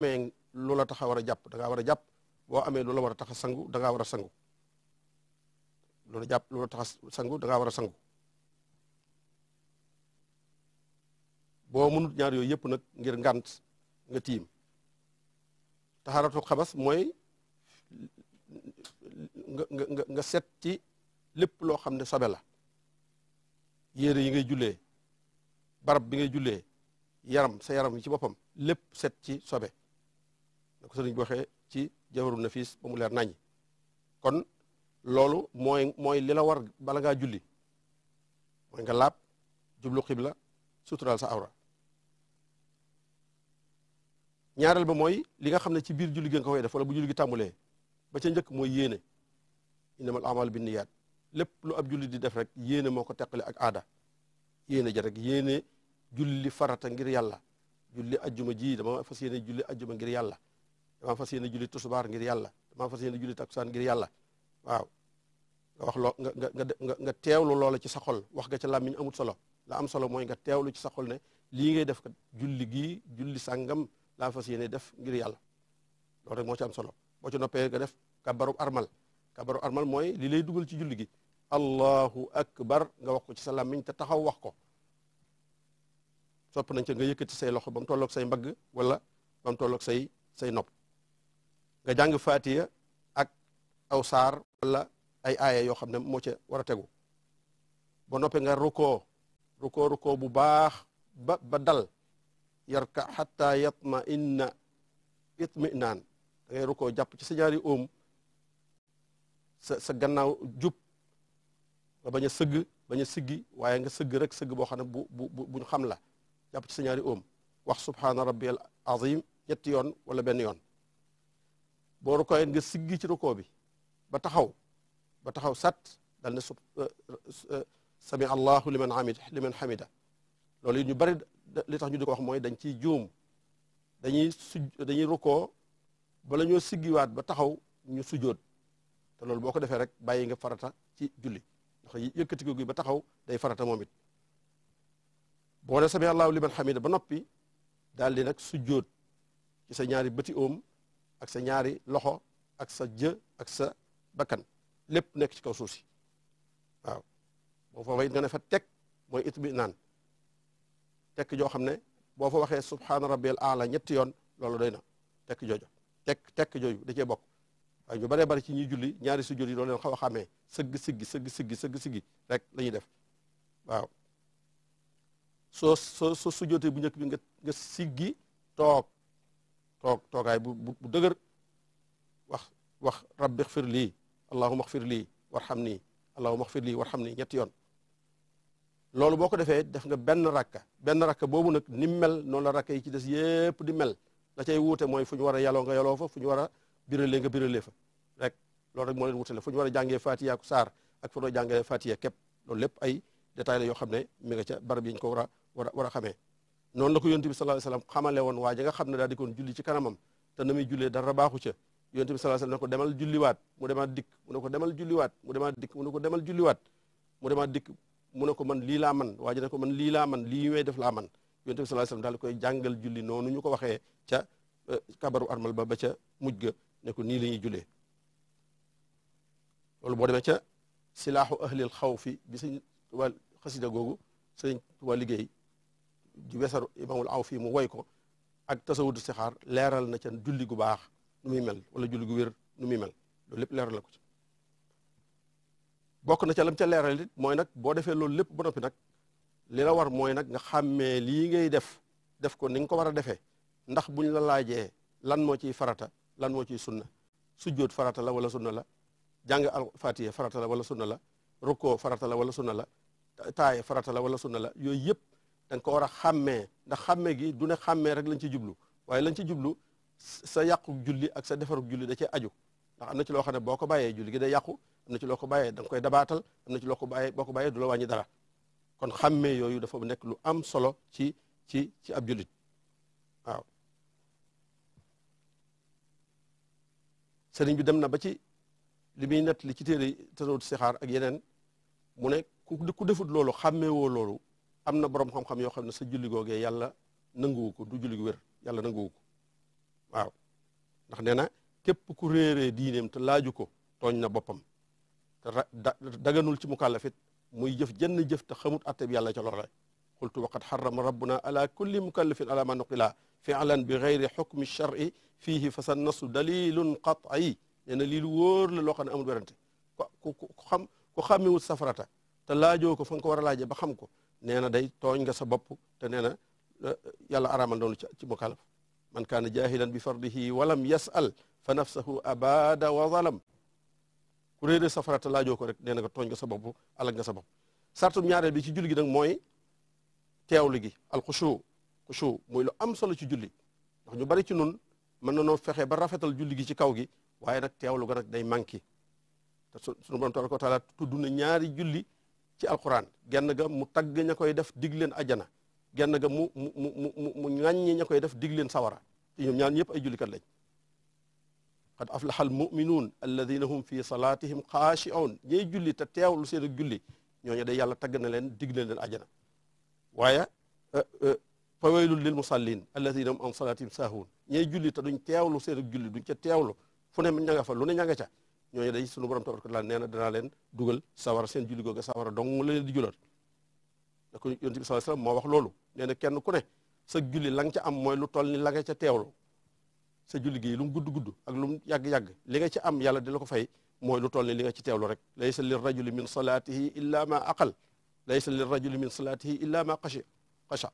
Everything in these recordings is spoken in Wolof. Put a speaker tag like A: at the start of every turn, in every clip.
A: amee lu la tax war a jàpp da ngaa war a jàpp boo amee loola la war a tax a sangu da ngaa a sangu lu jàpp lu la tax a war a sangu boo mënut ñaar yooyu yëpp nag ngir ngant nga tiim taxaaratul xabas mooy nga nga nga set ci lépp loo xam ne sobe la yére yi ngay julee barab bi ngay jullee yaram sa yaram yi ci boppam lépp set ci sobe ko sëriñ bi waxee ci jawaru nafis ba mu leer nañ kon loolu mooy mooy li la war bala nga julli mooy nga laab jublu xibla suturaal sa awra ñaareel ba mooy li nga xam ne ci biir julli gi nga koy def wala bu julli gi tàmbulee ba ca njëkk mooy yéene innamal amal bin niyaat lépp lu ab julli di def rek yéene moo ko teqale ak aada yéene ja rek yéene julli farata ngir yàlla julli ajjuma ji dama fas yéene julli ajjuma ngir yàlla damaa fas yéene julli tusubaar ngir yàlla damaa fas yéene julli takusaan ngir yàlla waaw nga wax loo nga nga nga teewlu loola ci saxol xol wax nga ca làmmiñ amut solo la am solo mooy nga teewlu ci saxol ne lii ngay def ka julli gi julli sàngam laa fas yéene def ngir yàlla lool rek moo ci am solo boo ci noppee nga def kabaru armal kabaru armal mooy li lay dugal ci julli gi allahu akbar nga wax ko ci sa làmmiñ te taxaw wax ko sopp nañ ca nga yëkkati say loxo ba mu tolloog say mbagg wala ba say say nopp nga jàng fatiya ak aw saar wala ay aaya yoo xam ne moo ca war a tegu ba noppe nga rukoo rukoo rukoo bu baax ba ba dal yarka xata yatma inna itminaan da ngay rukoo jàpp ci sëñaari ñaari sa sa gannaaw jub nga bañ sëgg bañ sëggi siggi waaye nga sëgg rek sëgg boo xam ne bu buñ xam la jàpp ci sa ñaari wax subhaana rabbi al azim ñetti yoon wala benn yoon boo rukkoo nga siggi ci rukkoo bi ba taxaw ba taxaw sat dal ne euh, euh, euh, sami allahu liman hamida liman hamida loolu ñu bari li tax ñu di wax mooy dañ ciy juum dañuy su dañuy rukkoo bala ñoo siggiwaat ba taxaw ñu sujoot te loolu boo ko defee rek bàyyi nga farata ci julli ndax yëkkati ko gi ba taxaw day farata moom it boo ne sami allahu liman hamida ba noppi daal di nag sujoot ci sa ñaari bëti oom ak sa ñaari loxo ak sa jë ak sa bakkan lépp nekk ci kaw suuf si waaw moo foofa it nga fa teg mooy it naan tekk joo xam ne boo fa waxee subhaana rabbiyal aala ñetti yoon loolu day na tekk joojo tekk tekk jooju da cee bokk waaye ñu baree bari ci ñuy julli ñaari su julli loolu leen xaw a xamee sëgg siggi sëgg siggi sëgg rek lañuy def waaw soo soo soo sujjootee bu njëkk bi nga nga siggi toog toog toogaay bu bu dëgër wax wax rabbi xfir lii allahuma xfir lii warxam nii allahuma xfir lii warxam nii ñetti yoon loolu boo ko defee def nga benn rakka benn rakka boobu nag ni mel noonu la rakka yi ci des yépp di mel la cay wuute mooy fu ñu war a yaloo nga yaloo fa fu ñu war a biralee nga biralee fa rek loolu rek moo leen wutale fu ñu war a jàngee fatiya ak saar ak fu ñu war a jàngee fatiya képp loolu lépp ay détails la yoo xam ne mi nga ca barab yi ñu ko war a war a war a xamee noonu la ko yonent bi sallallahu alayhi wasallam xamale woon waa ji nga xam ne daal di koon julli ci kanamam te na muy dara baaxu ca yonent bi sallallahu alayhi wasallam ko demal julliwaat mu demaa dikk mu ne ko demal julliwaat mu demaat dikk mu ne ko demal julliwaat mu demaat dikk mu ne ko man lii laa man waa ji ne ko man lii laa man lii ñuy def laa man yonent bi sallallahu alayhi daal koy jàngal julli noonu ñu ko waxee ca euh, kabaru armal ba ba ca muj ga ne ko nii la ñuy loolu boo demee ca silaahu ahlil xawfi bi sëñ wàll xasida googu sëñ waa liggéey wesaru imaamul aw fii mu woy ko ak tasawudu sixaar leeral na ca julli gu baax nu muy mel wala julli gu wér nu muy mel loolu lépp leeral na ko ci bokk na ca lam ca leeral it mooy nag boo defee loolu lépp ba noppi nag li la war mooy nag nga xàmmee lii ngay def def ko ni nga ko war a defee ndax buñ la laajee lan moo ciy farata lan moo ciy sunna sujjóot farata la wala sunna la jàng al fatiha farata la wala sunna la rukkoo farata la wala sunna la taaye farata la wala sunna la yooyu yëpp da ko war a xàmmee ndax xàmmee gi du ne xàmmee rek lañ ci jublu waaye lañ ci jublu sa yàqu julli ak sa defarug julli da cee aju ndax am na ci loo xam ne boo ko bàyyee julli gi day yàqu am na ci loo ko bàyyee da koy dabaatal am na ci loo ko bàyyee boo ko bàyyee du la wàññi dara kon xàmmee yooyu dafa nekk lu am solo ci ci ci ab jullit waaw sëriñ bi dem na ba ci li muy nett li ci téere tasawut sixaar ak yeneen mu ne ku defut loolu xàmmeewoo loolu am na borom xam-xam yoo xam ne sa julli googee yàlla nanguwu ko du julli gu wér yàlla nanguwu ko waaw ndax nee na képp ku réeree diineem te laaju ko tooñ na boppam te daganul ci mukallafit muy jëf jenn jëf te xamut atteb yàlla ca loola qultu waqad xarama rabbuna ala kulli mukallafin ala ma nuqila fi'lan bi gayri xukmi shar'i fiihi fa sa nasu dalilun qat'i nee na lii lu wóor la loo xam ne amul werante ku xam ku safarata te laajoo ko fa ko war a laaje ba xam ko nee na day tooñ nga sa bopp te nee na yàlla araamal noonu ci mukallaf man kaana jahilan bi fardihi walam yasal fa nafsahu abada wa zalam ku safara te laajoo ko rek nee na nga tooñ nga sa bopp alak nga sa bopp sartum ñaareel bi ci julli gi nag mooy teewlu gi alxushu xushu muy lu am solo ci julli ndax ñu bari ci nun mën na noo fexe ba rafetal julli gi ci kaw gi waaye nag teewlu ga nag day manqué sunu borom tabaraka wa taala tudd na ñaari julli ci alquran genn ga mu tagg ña koy def dig leen ajana genn ga mu mu mu mu mu ŋàññi ña koy def dig leen sawara te ñoom ñaan ñëpp ay jullikat lañ qad aflaha al muminuun alladina hum fi salatihim xaashiun ñay julli te teewlu seen ak julli ñooñu day yàlla tagg na leen dig leen ajana waaye euh, euh, fa waylul lil musallin alladina hum an salatihim saahuun ñay julli te duñ teewlu seen ak julli duñ ca teewlu fu ne ña nga fa lu ne ña nga ca ñooñu day sunu borom tabaraka taala nee na danaa leen dugal sawara seen julli googa sawara dong la leen di julal da ko yonent bi sallallahu alayhi moo wax loolu nee na kenn ku ne sa julli la nga ca am mooy lu toll ni la nga ca teewlu sa julli gi lu mu gudd gudd ak lu mu yàgg-yàgg li nga ci am yàlla di ko fay mooy lu toll ni li nga ci teewlu rek laysa lir rajuli min salatihi illa ma aqal laysa lir rajuli min salatihi illa ma qashi qasha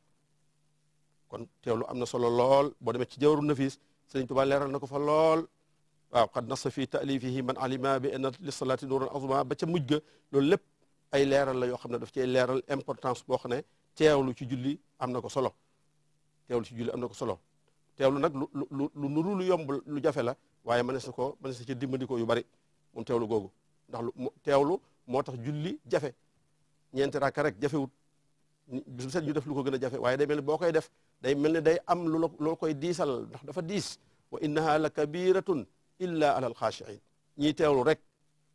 A: kon teewlu am na solo lool boo demee ci jawru nafis Sëriñ Tuubaa leeral na ko fa lool waaw qad nassa fi taalifihi man alima bi anna li salaati nuuran azima ba ca mujj ga loolu lépp ay leeral la yoo xam ne daf cay leeral importance boo xam ne teewlu ci julli am na ko solo teewlu ci julli am na ko solo teewlu nag lu lu lu nuru lu yomb lu jafe la waaye mënees na ko mënees na ci dimbandikoo yu bari moom teewlu googu ndax lu teewlu moo tax julli jafe ñeenti rakka rek jafewut bis bu set def lu ko gën a jafe waaye day mel ne boo koy def day mel ni day am lu la loo koy diisal ndax dafa diis wa illa alal xaashiin ñiy teewlu rek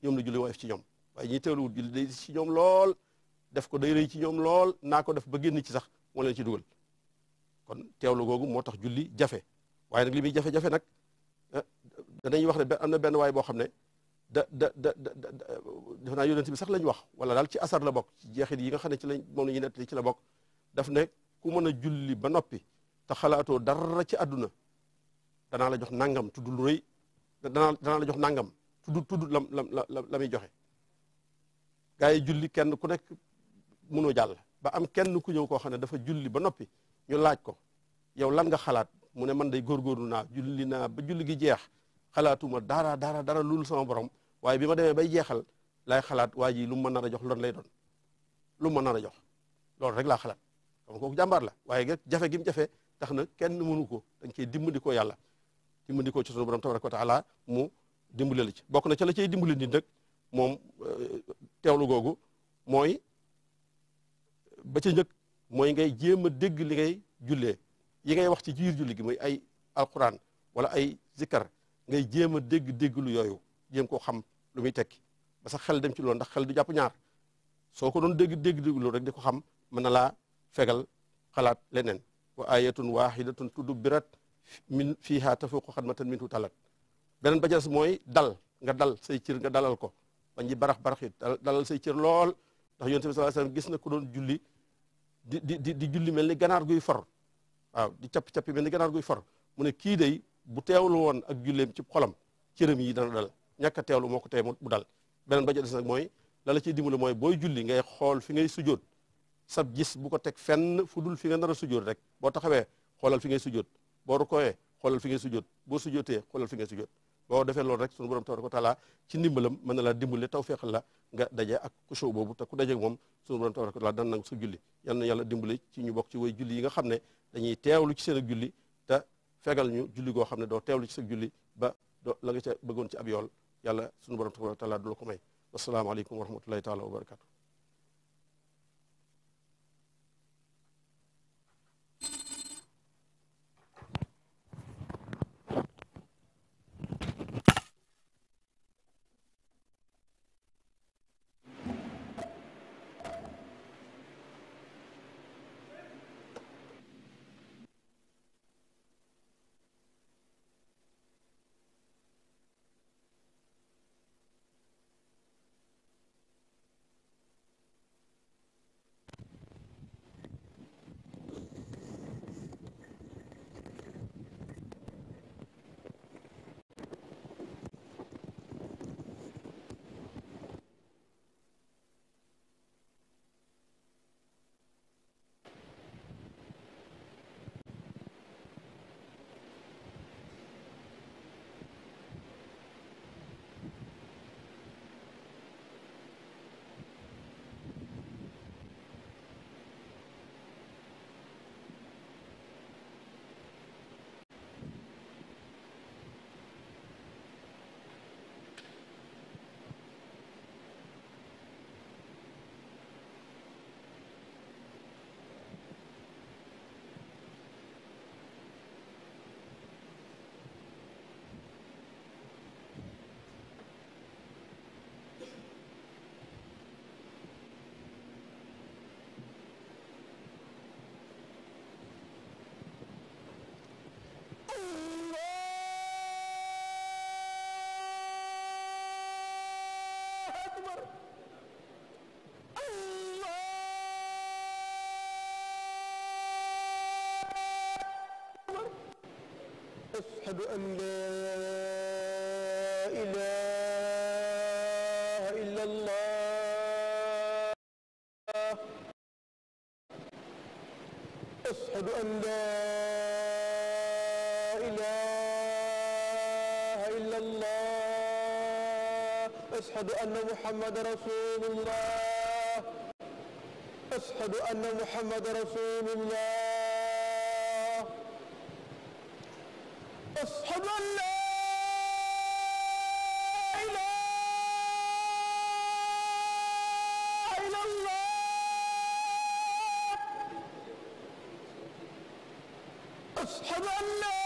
A: ñoom la julli woyof ci ñoom waaye ñiy teewlu julli day ci ñoom lool def ko day ci ñoom lool naa ko def ba génn ci sax moo leen ci dugal kon teewlu googu moo tax julli jafe waaye nag li muy jafe-jafe nag eh, danañ wax ne am na benn waay boo xam ne da da da da def naa yonent bi sax lañ wax wala daal ci asar la bokk ci jeexit yi nga xam ne ci lañ moom la ñuy nettali ci la bokk daf ne ku mën a julli ba noppi te xalaatoo dara ci àdduna danaa la jox nangam tudd lu dana danaa la jox nangam tudd tudd lam lam la la muy joxe gars yi julli kenn ku nekk mënoo jàll ba am kenn ku ñëw koo xam ne dafa julli ba noppi ñu laaj ko yow lan nga xalaat mu ne man day góorgóorlu naa julli naa ba julli gi jeex xalaatuma dara dara dara loolu sama borom waaye bi ma demee bay jeexal laay xalaat waa ji lu mu ma nar a jox loolu lay doon lu mu ma a jox loolu rek laa xalaat xam kooku jàmbaar la waaye rek jafe gi jafe tax na kenn mënu ko dañ koy dimbali ko yàlla dimbandikoo ci sunu borom tabaraka wa taala mu dimbali la ci bokk na ca la cay dimbali nit nag moom euh, teewlu googu mooy ba ca njëkk mooy ngay jéem a dégg li ngay julle yi ngay wax ci biir julli gi mooy ay alquran wala ay zikkar ngay jéem a dégg dégglu yooyu jéem koo xam lu muy tekk ba sax xel dem ci lool ndax xel du jàpp ñaar soo ko doon dégg dégg dégglu rek di ko xam mën na laa fegal xalaat leneen wa ayatun wahidatun tudubbirat min fiiha tafuqu xadmatan minhu talat beneen ba ca des mooy dal nga dal say cër nga dalal ko bañ ñi barax barax it dalal say cër lool dax yoon bi sallallahu gis na ko doon julli di di di julli mel ni ganaar guy for di cappi cappi mel ganaar guy for mu ne kii day bu teewlu woon ak julleem ci xolam cëram yi dana dal ñàkk a teewlu moo ko tey mu dal beneen ba ca mooy la ciy dimbali mooy booy julli ngay xool fi ngay sujoot sab gis bu ko teg fenn fu dul fi nga nar a sujoot rek boo taxawee xoolal fi ngay sujoot boo rukkooyee xoolal fi ngay sujjóot boo sujjóotee xoolal fi ngay sujjóot boo defee loolu rek sunu borom tabaraka wa taala ci ndimbalam mën na laa dimbale taw feexal la nga daje ak kusóo boobu te ku daje moom sunu borom tabaraka wa taala dana nangu sa julli yan na yàlla dimbale ci ñu bokk ci way julli yi nga xam ne dañuy teewlu ci seen ak julli te fegal ñu julli goo xam ne doo teew lu ci sa julli ba doo la nga ca bëggoon ci ab yool yàlla sunu borom tabaraka wa taala du la ko may wasalaamaaleykum wa rahmatullahi taala wa barakatu
B: akbar أشهد أن لا إله إلا الله أشهد أن لا إله أشهد أن محمد رسول الله أشهد أن محمد رسول الله أشهد أن لا أشهد أن لا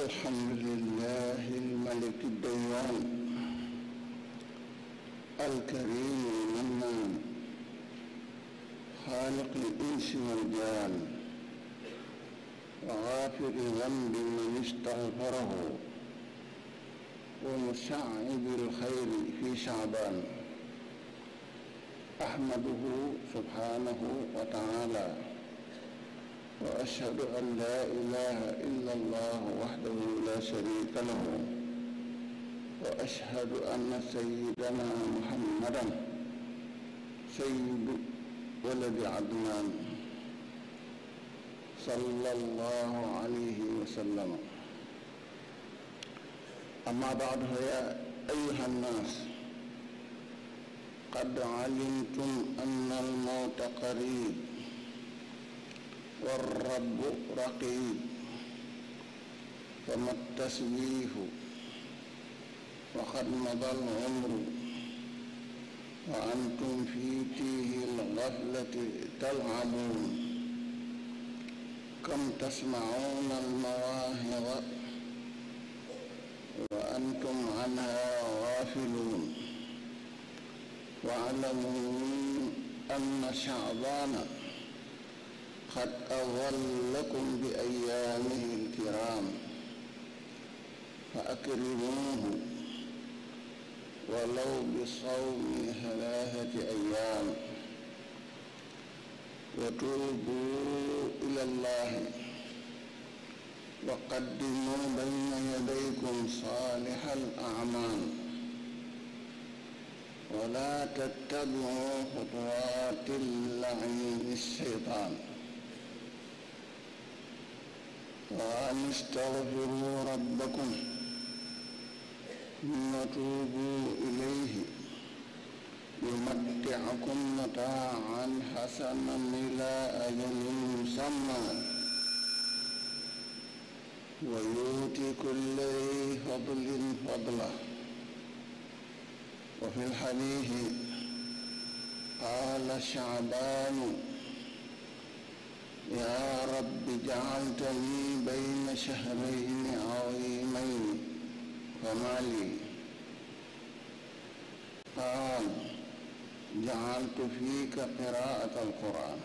B: الحمد لله الملك الديان الكريم المنان خالق الإنس والجان وغافر ذنب من استغفره ومسعب الخير في شعبان أحمده سبحانه وتعالى وأشهد أن لا إله إلا الله وحده لا شريك له وأشهد أن سيدنا محمدا سيد ولد عدنان صلى الله عليه وسلم أما بعد يا أيها الناس قد علمتم أن الموت قريب war rabbu raqib fama taswiifu wa qad madal umru wa antum fi tiihi lgaflati talcabuun kam tasmacuuna almawaahiqa wa antum canha gaafiluun wa aclamu anna shacbaana قد أظلكم بأيامه الكرام فأكرموه ولو بصوم ثلاثة أيام وتوبوا إلى الله وقدموا بين يديكم صالح الأعمال ولا تتبعوا خطوات اللعين الشيطان وأن استغفروا ربكم وتوبوا إليه يمتعكم متاعا حسنا إلى أجل مسمى ويؤتي كل ذي فضل فضله وفي الحديث قال شعبان يا رب جعلتني بين شهرين عظيمين فما لي قال جعلت فيك قراءة القرآن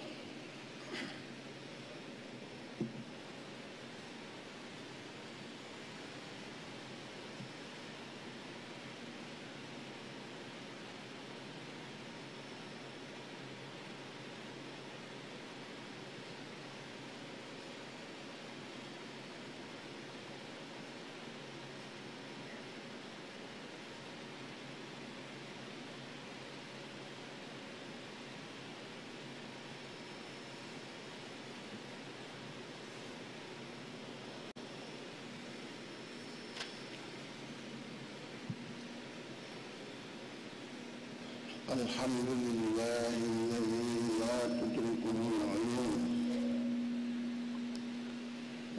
B: الحمد لله الذي لا تدركه العيون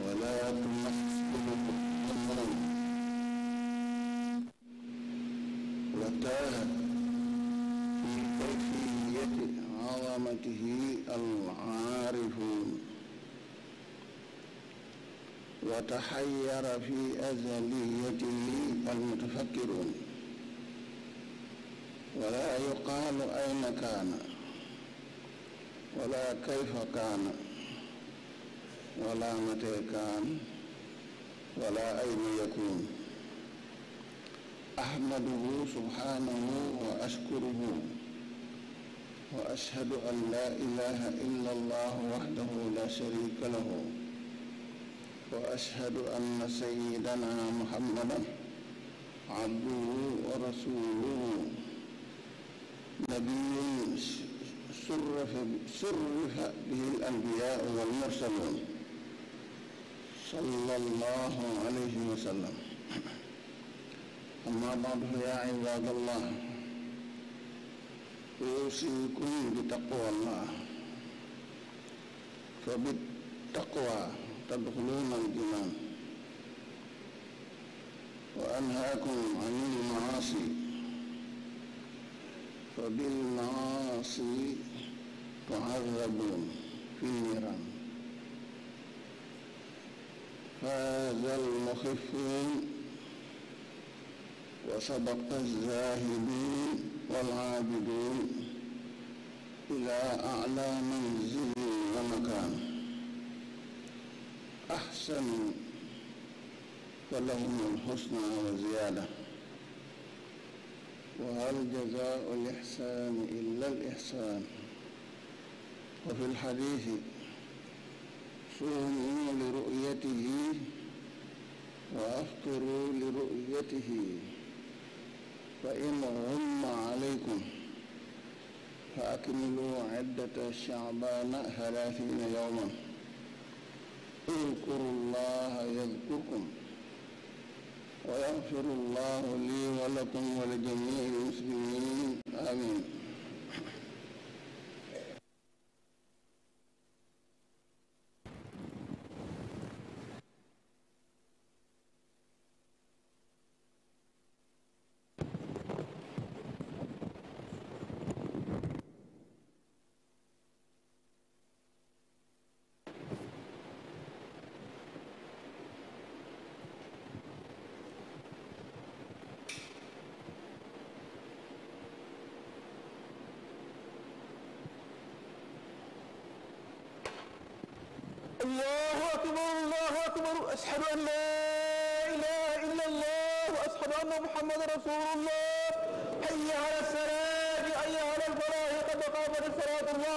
B: ولا تمثله الظنون وتاهت في كيفية عظمته العارفون وتحير في أزليته المتفكرون ولا يقال أين كان ولا كيف كان ولا متى كان ولا أين يكون أحمده سبحانه وأشكره وأشهد أن لا إله إلا الله وحده لا شريك له وأشهد أن سيدنا محمدا عبده ورسوله نبي شرف شرف به الأنبياء والمرسلون صلى الله عليه وسلم أما بعد فيا عباد الله أوصيكم بتقوى الله فبالتقوى تدخلون الجنان وأنهاكم عن المعاصي وبالمعاصي تعرضون في النيران فاز المخفون وسبق الزاهدين والعابدون إلى أعلى منزل ومكان أحسن فلهم الحسنى وزيادة وهل جزاء الإحسان إلا الإحسان وفي الحديث صوموا لرؤيته وأفطروا لرؤيته فإن غم عليكم فأكملوا عدة شعبان ثلاثين يوما اذكروا الله يذكركم ويغفر الله لي ولكم ولجميع المسلمين آمين allahu akbar allahu akbar ashhadu an la ilaha illa allah wa ashhadu anna muhammadan rasulullah hayya ala salaati hayya ala alfalaah qad qaamat salaatu allah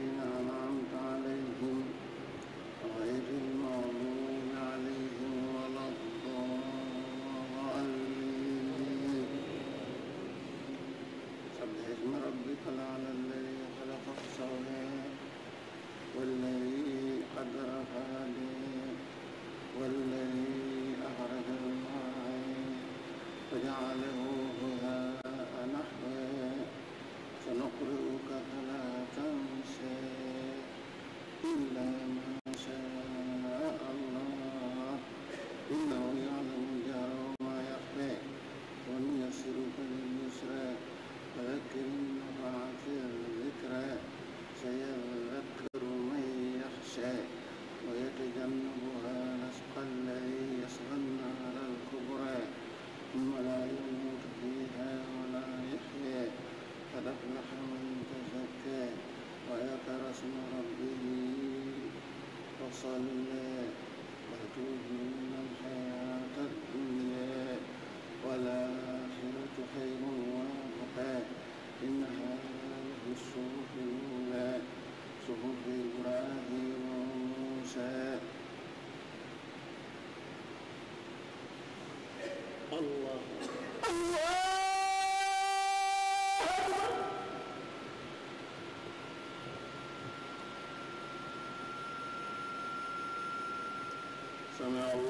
B: حسبنا الله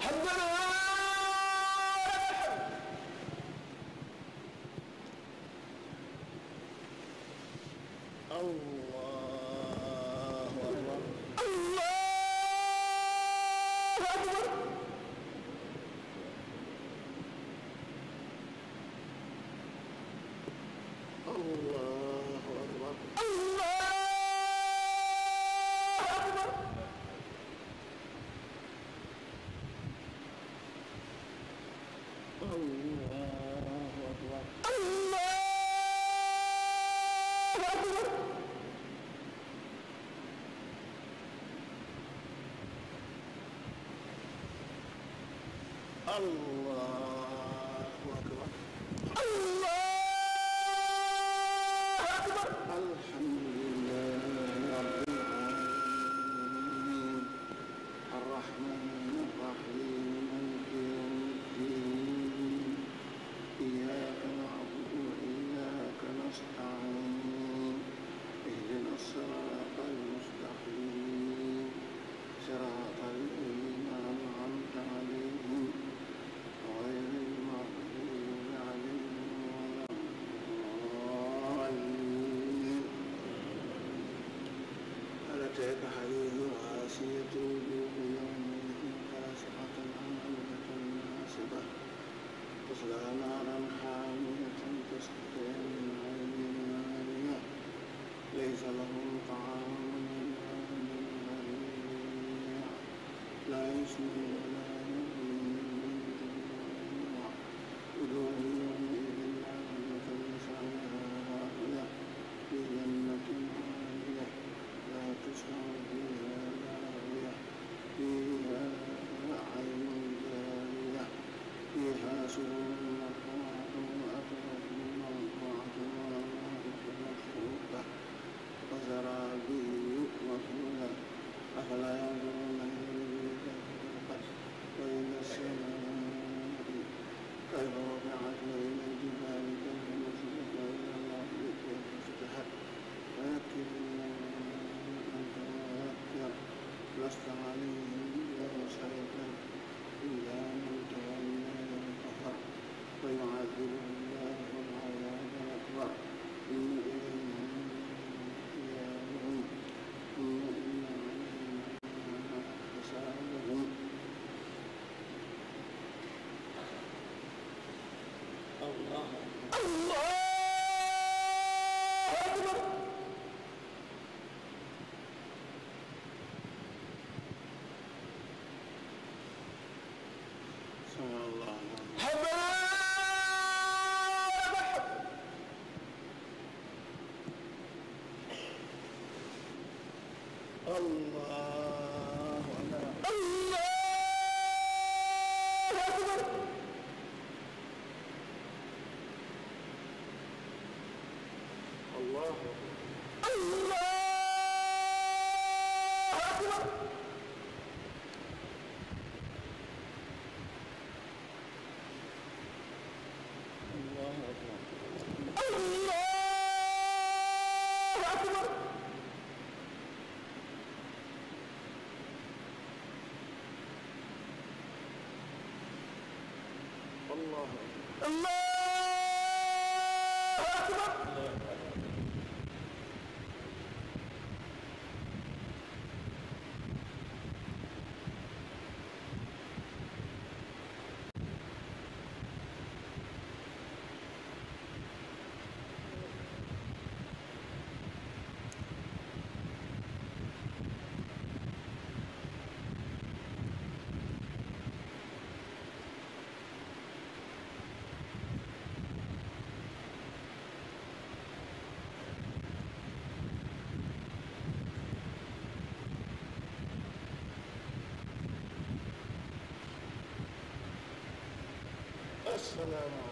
B: حسبنا الله أكبر الله أكبر الله Allah أتاك حديث الغاشية وجوه يومئذ خاشعة عاملة ناصبة تصلى نارا حامية تسقي من عين آنية ليس لهم طعام إلا من لا يسمن ويعذبه الله العذاب الأكبر الله أكبر الله أكبر الله أكبر maanaam